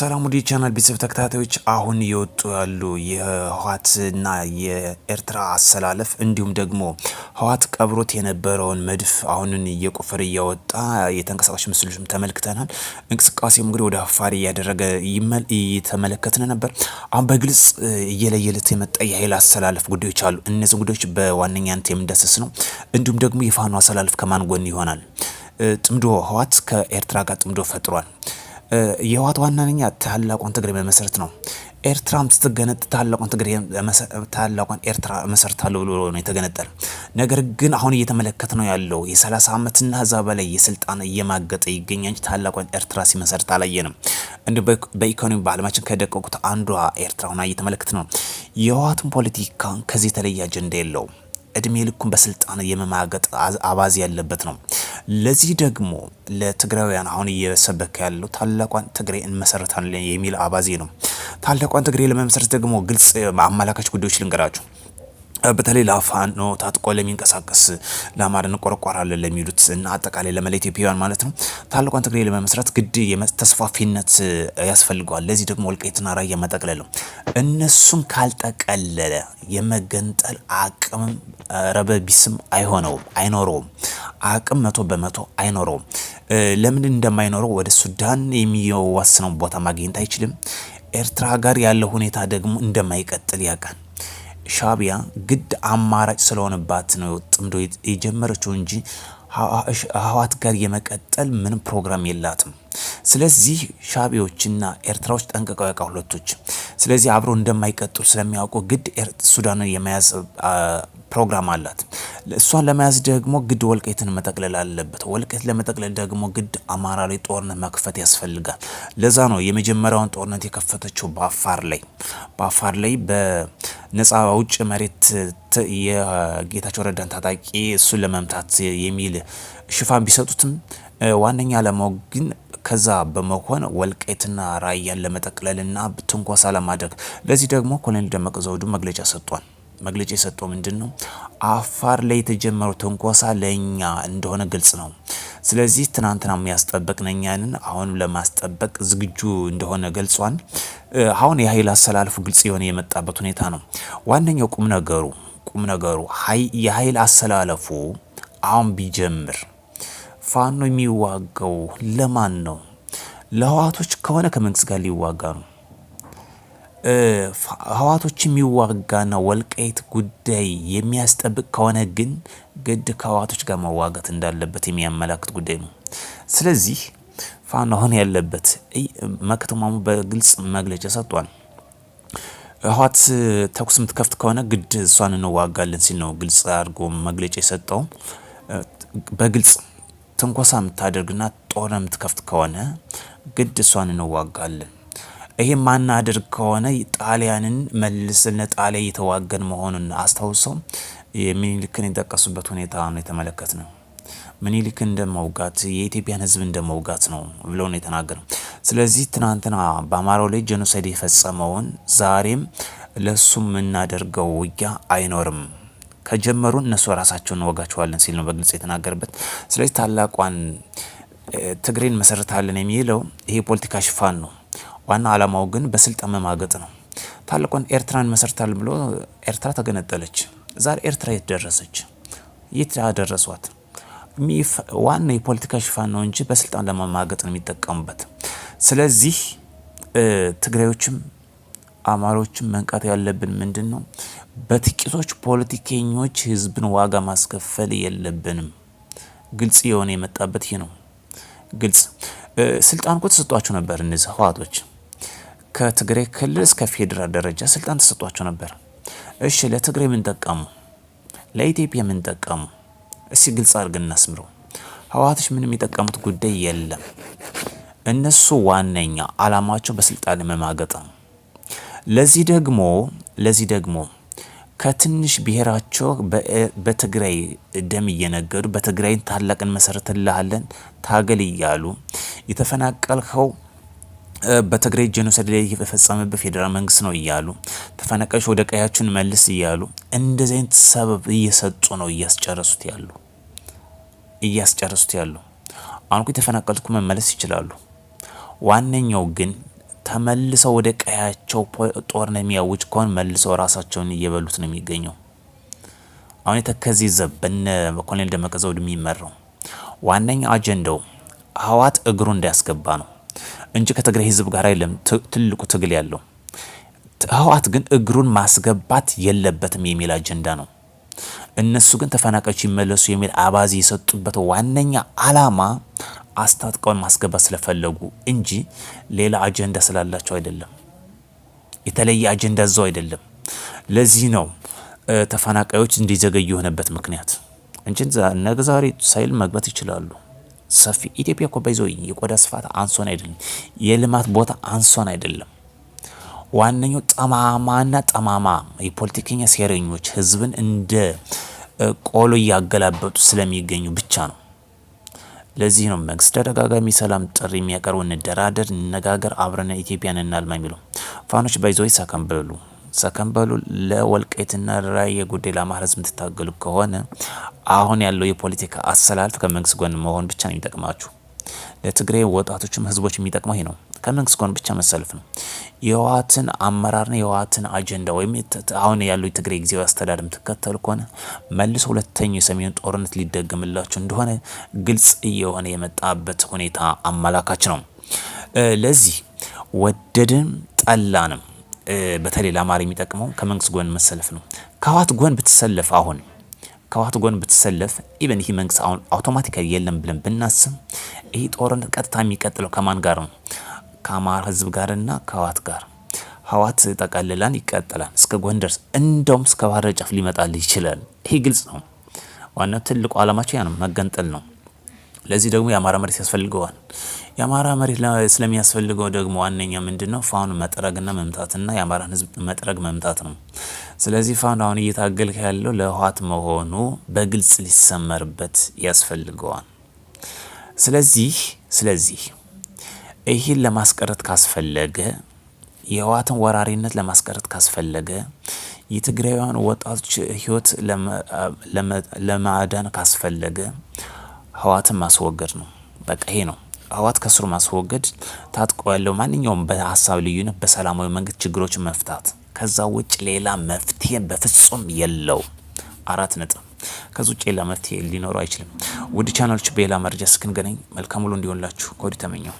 ሰላም ወዲ ቻናል ቤተሰብ ተከታታዮች አሁን እየወጡ ያሉ የህወሓትና የኤርትራ አሰላለፍ እንዲሁም ደግሞ ህወሓት ቀብሮት የነበረውን መድፍ አሁንን እየቆፈረ እያወጣ የተንቀሳቃሽ ምስሎችም ተመልክተናል። እንቅስቃሴም እንግዲህ ወደ አፋር እያደረገ እየተመለከትን ነበር። አሁን በግልጽ እየለየለት የመጣ የኃይል አሰላለፍ ጉዳዮች አሉ። እነዚህ ጉዳዮች በዋነኛነት የምንዳሰስ ነው። እንዲሁም ደግሞ የፋኖ አሰላለፍ ከማን ጎን ይሆናል? ጥምዶ ህወሓት ከኤርትራ ጋር ጥምዶ ፈጥሯል። የህወሓት ዋናነኛ ታላቋን ትግሬ መመስረት ነው። ኤርትራም ስትገነጥ ታላቋን ትግሬ ታላቋን ኤርትራ መሰርታለሁ ብሎ ነው የተገነጠለ። ነገር ግን አሁን እየተመለከት ነው ያለው የ30 ዓመትና ህዛ በላይ የስልጣን እየማገጠ ይገኛል። ታላቋን ኤርትራ ሲመሰርት አላየንም። እንዲሁ በኢኮኖሚ በዓለማችን ከደቀቁት አንዷ ኤርትራ ሆና እየተመለከት ነው። የህወሓትን ፖለቲካ ከዚህ የተለየ አጀንዳ የለውም። እድሜ ልኩን በስልጣን የመማገጥ አባዜ ያለበት ነው። ለዚህ ደግሞ ለትግራውያን አሁን እየሰበከ ያለው ታላቋን ትግሬ እንመሰረታለን የሚል አባዜ ነው። ታላቋን ትግሬ ለመመሰረት ደግሞ ግልጽ አመላካች ጉዳዮች ልንገራችሁ። በተለይ ለፋኖ ነው ታጥቆ ለሚንቀሳቀስ ለአማራ እንቆረቆራለን ለሚሉት እና አጠቃላይ ለመላ ኢትዮጵያውያን ማለት ነው ታላቋን ትግራይ ለመመስረት ግድ ተስፋፊነት ያስፈልገዋል። ለዚህ ደግሞ ወልቃይትና ራያ መጠቅለል ነው። እነሱን ካልጠቀለለ የመገንጠል ረበ ቢስም አይሆነውም፣ አይኖረውም። አቅም መቶ በመቶ አይኖረውም። ለምን እንደማይኖረው ወደ ሱዳን የሚዋስነው ቦታ ማግኘት አይችልም። ኤርትራ ጋር ያለው ሁኔታ ደግሞ እንደማይቀጥል ያውቃል። ሻቢያ ግድ አማራጭ ስለሆነባት ነው ጥምዶ የጀመረችው እንጂ ህወሓት ጋር የመቀጠል ምንም ፕሮግራም የላትም። ስለዚህ ሻቢዎችና ኤርትራዎች ጠንቅቀው ያውቃ ሁለቶች ስለዚህ አብሮ እንደማይቀጥሉ ስለሚያውቁ ግድ ሱዳንን የመያዝ ፕሮግራም አላት። እሷን ለመያዝ ደግሞ ግድ ወልቃይትን መጠቅለል አለበት። ወልቀት ለመጠቅለል ደግሞ ግድ አማራ ላይ ጦርነት መክፈት ያስፈልጋል። ለዛ ነው የመጀመሪያውን ጦርነት የከፈተችው በአፋር ላይ በአፋር ላይ በነጻ ውጭ መሬት የጌታቸው ረዳን ታጣቂ እሱን ለመምታት የሚል ሽፋን ቢሰጡትም ዋነኛ ዓላማው ግን ከዛ በመሆን ወልቃይትና ራያን ለመጠቅለልና ትንኮሳ ለማድረግ ለዚህ ደግሞ ኮሎኔል ደመቀ ዘውዱ መግለጫ ሰጥቷል። መግለጫ የሰጠው ምንድን ነው? አፋር ላይ የተጀመረው ትንኮሳ ለእኛ እንደሆነ ግልጽ ነው። ስለዚህ ትናንትና የሚያስጠበቅ ነኛንን ለማስጠበቅ ዝግጁ እንደሆነ ገልጿል። አሁን የኃይል አሰላለፉ ግልጽ የሆነ የመጣበት ሁኔታ ነው። ዋነኛው ቁም ነገሩ ቁም ነገሩ የኃይል አሰላለፉ አሁን ቢጀምር ፋኖ የሚዋጋው ለማን ነው? ለህዋቶች ከሆነ ከመንግስት ጋር ሊዋጋ ነው። ህዋቶች የሚዋጋና ወልቃይት ጉዳይ የሚያስጠብቅ ከሆነ ግን ግድ ከህዋቶች ጋር መዋጋት እንዳለበት የሚያመላክት ጉዳይ ነው። ስለዚህ ፋኖ አሁን ያለበት መክትማሙ በግልጽ መግለጫ ሰጥቷል። ህዋት ተኩስ የምትከፍት ከሆነ ግድ እሷን እንዋጋለን ሲል ነው ግልጽ አድርጎ መግለጫ የሰጠው በግልጽ ትንኮሳ የምታደርግና ጦር የምትከፍት ከሆነ ግድ እሷን እንዋጋለን። ይሄ ማናደርግ ከሆነ ጣሊያንን መልስን ጣሊያ እየተዋገን መሆኑን አስታውሰው ምኒልክን የጠቀሱበት ሁኔታ ነው የተመለከት ነው። ምኒልክን እንደመውጋት የኢትዮጵያን ሕዝብ እንደመውጋት ነው ብለው ነው የተናገረው። ስለዚህ ትናንትና በአማራው ላይ ጀኖሳይድ የፈጸመውን ዛሬም ለሱ የምናደርገው ውጊያ አይኖርም። ከጀመሩ እነሱ ራሳቸውን እንወጋቸዋለን ሲል ነው በግልጽ የተናገርበት ስለዚህ ታላቋን ትግሬን መሰረታለን የሚለው ይሄ የፖለቲካ ሽፋን ነው። ዋና ዓላማው ግን በስልጣን መማገጥ ነው። ታላቋን ኤርትራን መሰረታል ብሎ ኤርትራ ተገነጠለች። ዛሬ ኤርትራ የት ደረሰች? የት ያደረሷት? ዋና የፖለቲካ ሽፋን ነው እንጂ በስልጣን ለመማገጥ ነው የሚጠቀሙበት። ስለዚህ ትግራዮችም አማሮችን መንቃት ያለብን ምንድን ነው? በጥቂቶች ፖለቲከኞች ህዝብን ዋጋ ማስከፈል የለብንም። ግልጽ የሆነ የመጣበት ይህ ነው። ግልጽ ስልጣን እኮ ተሰጧቸው ነበር። እነዚህ ህዋቶች ከትግራይ ክልል እስከ ፌዴራል ደረጃ ስልጣን ተሰጧቸው ነበር። እሺ ለትግራይ ምን ጠቀሙ? ለኢትዮጵያ ምን ጠቀሙ? እስቲ ግልጽ አድርገን እናስምረው። ህዋቶች ምንም የጠቀሙት ጉዳይ የለም። እነሱ ዋነኛ አላማቸው በስልጣን ለመማገጥ ነው። ለዚህ ደግሞ ለዚህ ደግሞ ከትንሽ ብሔራቸው በትግራይ ደም እየነገዱ በትግራይን ታላቅ እንመሰርትልሃለን ታገል እያሉ የተፈናቀልከው በትግራይ ጄኖሳይድ ላይ የተፈጸመበት ፌዴራል መንግስት ነው እያሉ ተፈናቃዮች ወደ ቀያችን መልስ እያሉ እንደዚህ አይነት ሰበብ እየሰጡ ነው እያስጨረሱት ያሉ እያስጨረሱት ያሉ። አሁን የተፈናቀሉት መመለስ ይችላሉ። ዋነኛው ግን ተመልሰው ወደ ቀያቸው ነው የሚያውጭ ከሆን መልሰው ራሳቸውን እየበሉት ነው የሚገኘው። አሁን የተከዜ ዘብ በነ ኮሎኔል ደመቀ ዘውዱ የሚመራው ዋነኛ አጀንዳው ህዋት እግሩ እንዳያስገባ ነው እንጂ ከትግራይ ህዝብ ጋር አይደለም ትልቁ ትግል ያለው። ህወሓት ግን እግሩን ማስገባት የለበትም የሚል አጀንዳ ነው። እነሱ ግን ተፈናቃዮች ይመለሱ የሚል አባዜ የሰጡበት ዋነኛ አላማ አስታጥቀውን ማስገባት ስለፈለጉ እንጂ ሌላ አጀንዳ ስላላቸው አይደለም። የተለየ አጀንዳ እዛው አይደለም። ለዚህ ነው ተፈናቃዮች እንዲዘገዩ የሆነበት ምክንያት እንጂ ነገ ዛሬ ሳይል መግባት ይችላሉ። ሰፊ ኢትዮጵያ እኮ ባይዞ የቆዳ ስፋት አንሶን አይደለም፣ የልማት ቦታ አንሶን አይደለም። ዋነኛው ጠማማና ጠማማ የፖለቲከኛ ሴረኞች ህዝብን እንደ ቆሎ እያገላበጡ ስለሚገኙ ብቻ ነው። ለዚህ ነው መንግስት ተደጋጋሚ ሰላም ጥሪ የሚያቀርቡ እንደራደር፣ እንነጋገር፣ አብረን ኢትዮጵያን እናልማ የሚለው። ፋኖች ባይዞይ ሰከን በሉ ሰከን በሉ። ለወልቃይትና ራያ ጉዳይ ለአማራ ህዝብ የምትታገሉ ከሆነ አሁን ያለው የፖለቲካ አሰላለፍ ከመንግስት ጎን መሆን ብቻ ነው የሚጠቅማችሁ። ለትግራይ ወጣቶችም ህዝቦች የሚጠቅመው ይሄ ነው። ከመንግስት ጎን ብቻ መሰለፍ ነው። የህወሓትን አመራርና የህወሓትን አጀንዳ ወይም አሁን ያለው የትግራይ ጊዜያዊ አስተዳደር የምትከተሉ ከሆነ መልሶ ሁለተኛው የሰሜን ጦርነት ሊደገምላቸው እንደሆነ ግልጽ እየሆነ የመጣበት ሁኔታ አመላካች ነው። ለዚህ ወደድን ጠላንም በተለይ ለአማራ የሚጠቅመው ከመንግስት ጎን መሰለፍ ነው። ከህወሓት ጎን ብትሰለፍ አሁን ከህወሓት ጎን ቢሰለፍ ኢቨን ይህ መንግስት አሁን አውቶማቲካሊ የለም ብለን ብናስብ ይህ ጦርነት ቀጥታ የሚቀጥለው ከማን ጋር ነው? ከአማራ ህዝብ ጋርና ከህዋት ጋር ህዋት ጠቀልላን ይቀጥላል እስከ ጎንደርስ እንደውም እስከ ባህረ ጫፍ ሊመጣል ይችላል። ይሄ ግልጽ ነው። ዋናው ትልቁ አላማቸው ያ ነው፣ መገንጠል ነው። ለዚህ ደግሞ የአማራ መሬት ያስፈልገዋል። የአማራ መሬት ስለሚያስፈልገው ደግሞ ዋነኛ ምንድን ነው? ፋኑን መጥረግና መምታትና የአማራን ህዝብ መጥረግ መምታት ነው። ስለዚህ ፋኖ አሁን እየታገልከ ያለው ለህወሓት መሆኑ በግልጽ ሊሰመርበት ያስፈልገዋል። ስለዚህ ስለዚህ ይህን ለማስቀረት ካስፈለገ የህወሓትን ወራሪነት ለማስቀረት ካስፈለገ የትግራይውያን ወጣቶች ህይወት ለማዳን ካስፈለገ ህወሓትን ማስወገድ ነው። በቃ ይሄ ነው። ተቋማት ከስሩ ማስወገድ፣ ታጥቆ ያለው ማንኛውም በሀሳብ ልዩነት በሰላማዊ መንገድ ችግሮች መፍታት። ከዛ ውጭ ሌላ መፍትሄን በፍጹም የለው። አራት ነጥብ። ከዚ ውጭ ሌላ መፍትሄ ሊኖረው አይችልም። ውድ ቻናሎች፣ በሌላ መረጃ እስክንገናኝ መልካም ሁሉ እንዲሆንላችሁ ከወዲህ ተመኘው።